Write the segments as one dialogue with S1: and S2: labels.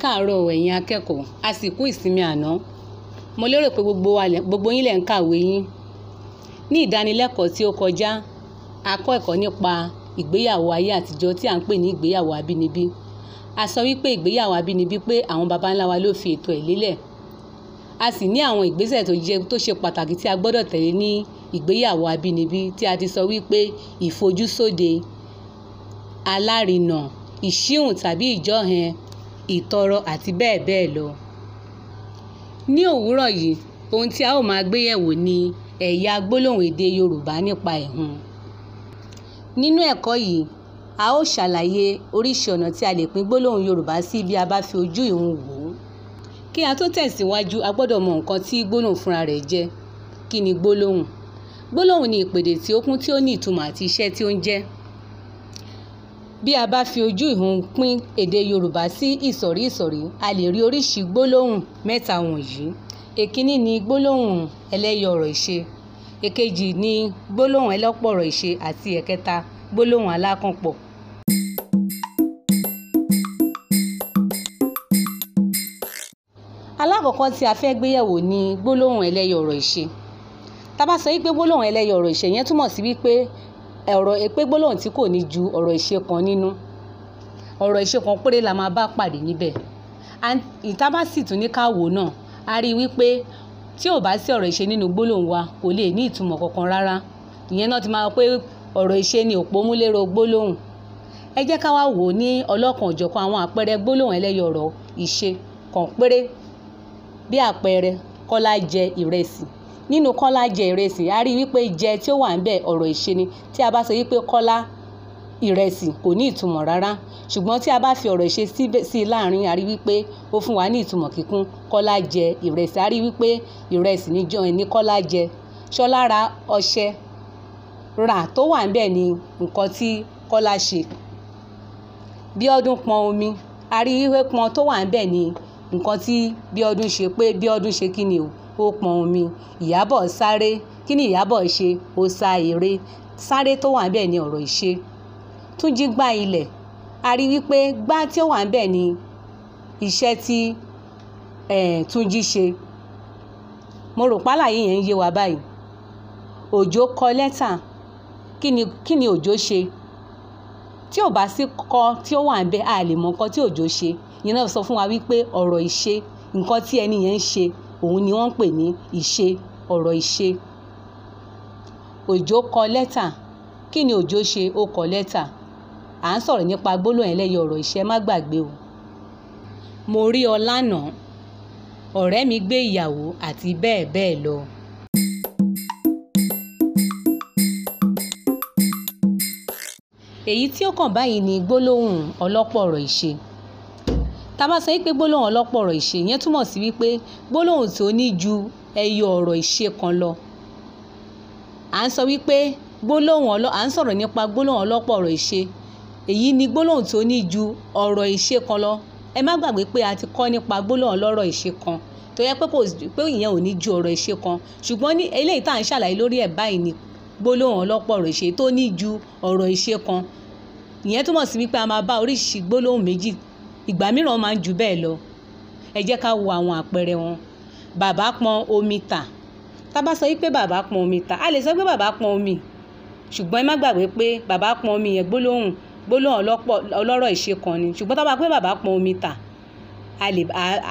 S1: káàárọ̀ ẹ̀yin akẹ́kọ̀ọ́ àsìkò ìsinmi àná mo lérò pé gbogbo gbogbo yín lẹ̀ ń kàwé yín ní ìdánilẹ́kọ̀ọ́ tí ó kọjá a kọ́ ẹ̀kọ́ nípa ìgbéyàwó ayé àtijọ́ tí à ń pè ní ìgbéyàwó abínibí a sọ wípé ìgbéyàwó abínibí pé àwọn baba ńlá wa ló fi ètò ẹ̀ lélẹ̀ a sì ní àwọn ìgbésẹ̀ tó jẹ́ tó ṣe pàtàkì tí a gbọ́dọ̀ tẹ̀lé ní ìgbéyàwó abínibí tí a ti sọ wípé ìfojúsóde alárinà ìṣíhùn tàbí ìjọ́hẹn ìtọrọ àti bẹ́ẹ̀ bẹ́ẹ̀ lọ. Ní òwúrọ̀ yìí, ohun tí a ó máa gbé yẹ̀wò ni ẹ̀yà gbólóhùn èdè Yorùbá nípa ẹ̀hun. Nínú ẹ̀kọ́ yìí, a ó ṣàlàyé oríṣi ọ̀nà tí a lè pín gbólóhùn Yorùbá sí bí a bá fi ojú ìhun wò ó. Kí a tó tẹ̀síwájú, a gbọ́dọ̀ mọ nǹkan tí gbólóhùn fúnra rẹ̀ jẹ́. Kí ni gbólóhùn? Gbólóhùn ni ìpèdè tí ó kún tí ó ní ìtumọ̀ àti iṣẹ́ tí ó ń jẹ́ bí a bá fi ojú ìhun pín èdè yorùbá sí ìsọ̀rí ìsọ̀rí a lè rí oríṣi gbólóhùn mẹ́ta wọ̀nyí èkíní ni gbólóhùn ẹlẹ́yọ ọ̀rọ̀ ìṣe èkejì ni gbólóhùn ẹlọ́pọ̀ ọ̀rọ̀ ìṣe àti ẹ̀kẹta gbólóhùn alákànpọ̀. alákọ̀ọ́kọ́ tí a fẹ́ gbéyẹ̀wò ni gbólóhùn ẹlẹ́yọ ọ̀rọ̀ ìṣe tá bá sọ wípé gbólóhùn ẹlẹ́yọ ọ̀rọ̀ ìṣe yẹn túmọ̀ sí wípé ọ̀rọ̀ èpè gbólóhùn tí kò ní ju ọ̀rọ̀ ìṣe kan nínú ọ̀rọ̀ ìṣe kan péré la máa bá pàdé níbẹ̀ ìta bá sì tún ní ká wò náà a rí i wípé tí ò bá sí ọ̀rọ̀ ìṣe nínú gbólóhùn wa kò lè ní ìtumọ̀ kankan rárá ìyẹn náà ti máa pé ọ̀rọ̀ ìṣe ni òpómúlérò gbólóhùn ẹ jẹ́ ká wá wò ní ọlọ́kan òjọ̀kan àwọn àpẹẹrẹ gbólóhùn ẹlẹ́yọ̀rọ̀ ìṣe kan péré bí àpẹẹrẹ Kọ́lá nínú kọ́lá jẹ ìrẹsì a rí wípé jẹ tí ó wà ń bẹ̀ ọ̀rọ̀ ìṣe tí a bá sọ wípé kọ́lá ìrẹsì kò ní ìtumọ̀ rárá ṣùgbọ́n tí a bá fi ọ̀rọ̀ ìṣe sí láàrin a rí wípé ó fún wa ní ìtumọ̀ kíkún kọ́lá jẹ ìrẹsì a rí wípé ìrẹsì ní jọ kọ́lá jẹ ṣọlá ọṣẹ rà tó wà ń bẹ̀ ni nǹkan tí kọ́lá ṣe Bíọ́dún pọn omi a rí wípé pọn tó wà ń bẹ̀ ni nǹkan tí Bíọ́dún ṣe pé Bíọ́dún ṣe kí ni o ó pọn omi ìyábọ̀ sáré kí ni ìyábọ̀ ṣe ó sá eré sáré tó wà níbẹ̀ ni ọ̀rọ̀ ìṣe túnjí gbá ilẹ̀ a rí wípé gbá tí ó wà níbẹ̀ ni iṣẹ́ tí túnjí ṣe mo rò pálàyé yẹn ń yé wa báyìí òjò kọ lẹ́tà kí ni kí ni òjò ṣe tí ò bá sí kọ tí ó wà níbẹ̀ a lè mọ nǹkan tí òjò ṣe ìyẹn náà sọ fún wa wípé ọ̀rọ̀ ìṣe nǹkan tí ẹni yẹn ń ṣe Òun ni wọ́n ń pè ní ìṣe, ọ̀rọ̀ ìṣe. Òjó kọ lẹ́tà. Kí ni Òjó ṣe? Ó kọ lẹ́tà. À ń sọ̀rọ̀ nípa gbólóhùn ẹlẹ́yọ ọ̀rọ̀ ìṣe, ẹ má gbàgbé o. Mo rí ọ lánàá. Ọ̀rẹ́ mi gbé ìyàwó àti bẹ́ẹ̀ bẹ́ẹ̀ lọ. Èyí tí ó kàn báyìí ni gbólóhùn ọlọ́pọ̀ ọ̀rọ̀ ìṣe tá a bá sọ pé gbólóhùn ọlọ́pọ̀ ọ̀rọ̀ ìṣe yẹn túmọ̀ sí wípé gbólóhùn tó ní ju ẹyọ ọ̀rọ̀ ìṣe kan lọ à ń sọ wípé gbólóhùn ọlọ́ à ń sọ̀rọ̀ nípa gbólóhùn ọlọ́pọ̀ ọ̀rọ̀ ìṣe èyí ni gbólóhùn tó ní ju ọ̀rọ̀ ìṣe kan lọ ẹ má gbàgbé pé a ti kọ́ nípa gbólóhùn ọlọ́rọ̀ ìṣe kan tó yẹ pé ìyẹn ò ní ju ọ̀rọ̀ ìṣe kan ṣùgbọ́n ní eléyìí tá à ń ṣàlàyé lórí ẹ̀ báyìí ni gbólóhùn ọlọ́pọ̀ ọ̀rọ̀ ìṣe tó ní ju ọ̀rọ̀ ìṣe kan ìyẹn túmọ̀ sí wípé a máa bá oríṣiríṣi gbólóhùn méjì ìgbà mìíràn máa ń jù bẹ́ẹ̀ lọ ẹ jẹ́ ká wo àwọn àpẹẹrẹ wọn bàbá pọn omi tà tá a bá sọ wípé bàbá pọn omi tà a lè sọ pé bàbá pọn omi ṣùgbọ́n ẹ má gbàgbé pé bàbá pọn omi yẹn gbólóhùn gbólóhùn ọlọ́rọ̀ ìṣe ṣùgbọ́n tá pé bàbá pọn omi tà a lè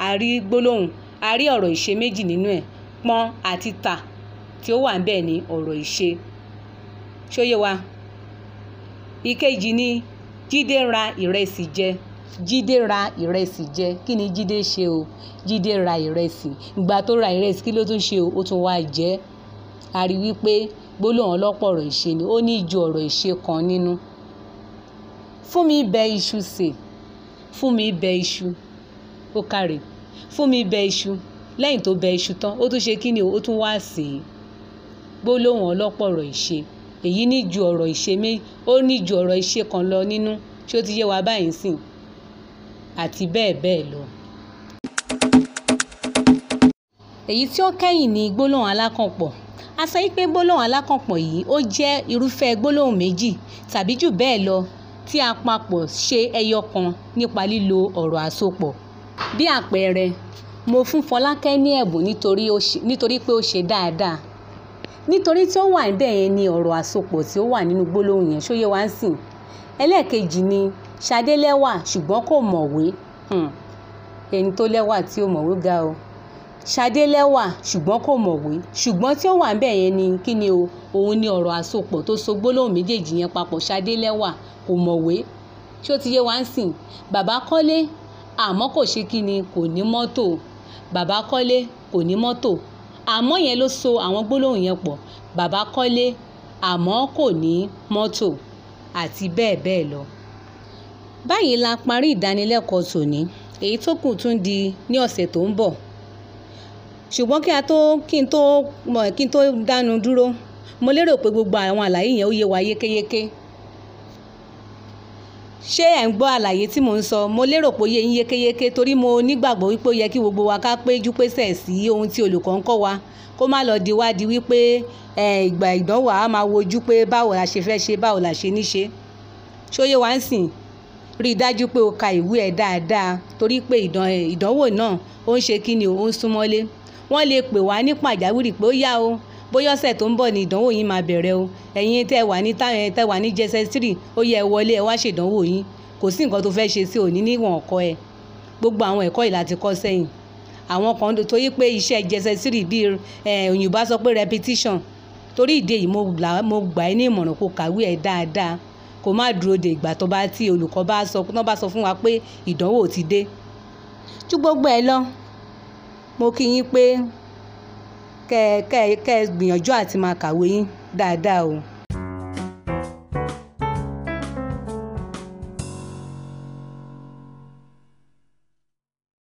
S1: a rí gbólóhùn a rí ọ̀rọ̀ ìṣe méjì nínú ẹ̀ pọn àti tà tí ó wà ń bẹ̀ ọ̀rọ̀ ìṣe ṣóyé wa ìkejì ni Jídé ra ìrẹsì jẹ Jídé ra ìrẹsì jẹ kí ni Jídé ṣe o Jídé ra ìrẹsì ìgbà tó ra ìrẹsì kí ló tún ṣe o ó tún wá jẹ a rí wípé gbólóhùn ọlọ́pọ̀ ọ̀rọ̀ ìṣe ni ó ní ju ọ̀rọ̀ ìṣe kan nínú fún mi bẹ iṣu sè fún mi bẹ iṣu ó kàrè fún mi bẹ iṣu lẹ́yìn tó bẹ iṣu tán ó tún ṣe kí ni o ó tún wá sè é gbólóhùn ọlọ́pọ̀ ọ̀rọ̀ ìṣe èyí ní ju ọ̀rọ̀ ìṣe mi ó ní ju ọ̀rọ̀ ìṣe kan lọ nínú ṣé ó ti yé wa báyìí sìn àti bẹ́ẹ̀ bẹ́ẹ̀ lọ. èyí tí ó kẹ́yìn ni gbólóhùn alákànpọ̀ a sọ pé gbólóhùn alákànpọ̀ yìí ó jẹ́ irúfẹ́ gbólóhùn méjì tàbí jù bẹ́ẹ̀ lọ tí a papọ̀ ṣe ẹyọ kan nípa lílo ọ̀rọ̀ àsopọ̀ bí àpẹẹrẹ mo fún Fọlákẹ́ ní ẹ̀bùn nítorí pé ó ṣe dáadáa nítorí tí ó wà níbẹ̀ yẹn ni ọ̀rọ̀ àsopọ̀ tí ó wà nínú gbólóhùn yẹn ṣó yé wa ń sìn ẹlẹ́ẹ̀kejì ni Ṣadé lẹ́wà ṣùgbọ́n kò mọ̀wé hmm. ẹni tó lẹ́wà tí ó mọ̀wé ga o Ṣadé lẹ́wà ṣùgbọ́n kò mọ̀wé ṣùgbọ́n tí ó wà níbẹ̀ yẹn ni kí ni o òun ni ọ̀rọ̀ àsopọ̀ tó so gbólóhùn méjèèjì yẹn papọ̀ Ṣadé lẹ́wà kò mọ̀wé ṣé ó ti yé wa ń sìn bàbá kọ́lé àmọ́ kò ṣe kí ni kò ní mọ́tò bàbá kọ́lé kò ní mọ́tò àmọ́ yẹn ló so àwọn gbólóhùn yẹn pọ̀ bàbá kọ́lé àmọ́ kò ní mọ́tò àti bẹ́ẹ̀ bẹ́ẹ̀ lọ báyìí la parí ìdánilẹ́kọ̀ọ́ tòní èyí tó kù tún di ní ọ̀sẹ̀ tó ń bọ̀ ṣùgbọ́n kí a tó kí n tó kí n tó dánu dúró mo lérò pé gbogbo àwọn àlàyé yẹn ó yé wa yékéyéké ṣé ẹ̀ ń gbọ́ àlàyé tí mò ń sọ mo lérò pé ó yé yékéyéké torí mo nígbàgbọ́ wípé ó yẹ kí gbogbo wa ká péjú pésẹ̀ sí ohun tí olùkọ́ ń kọ́ wa kó má lọ di wádìí wípé ìgbà ìdánwò a máa wojú pé báwo la ṣe fẹ́ ṣe báwo la ṣe ní ṣe ṣó wa ń sìn rí i dájú pé o ka ìwé ẹ̀ dáadáa torí pé ìdánwò náà ó ń ṣe kí ni ó ń súnmọ́lé wọ́n lè pè wá ní pàjáwìrì pé ó yá o bóyá ọ̀sẹ̀ tó ń bọ̀ ni ìdánwò yín máa bẹ̀rẹ̀ o ẹ̀yin tẹ́ wà ní tẹ́ wà ní jss three ó yẹ wọlé ẹ wá ṣèdánwò yín kò sí nǹkan tó fẹ́ ṣe sí òní níwọ̀n ọ̀kọ́ ẹ gbogbo àwọn ẹ̀kọ́ yìí láti kọ́ sẹ́yìn àwọn kan tó pé iṣẹ́ jss three bíi òyìnbó sọ pé repetition torí ìdí èyí mo gbà ẹ́ ní ìmọ̀ràn kó kàwé ẹ̀ dáadáa kó má dúró de ìgbà tó bá tí olùkọ́ bá sọ tó bá sọ fún wa pé ìdánwò ti dé ju gbogbo ẹ lọ mo kí yín pé kẹ́ kẹ́ kẹ́ gbìyànjú àti máa kàwé yín dáadáa o.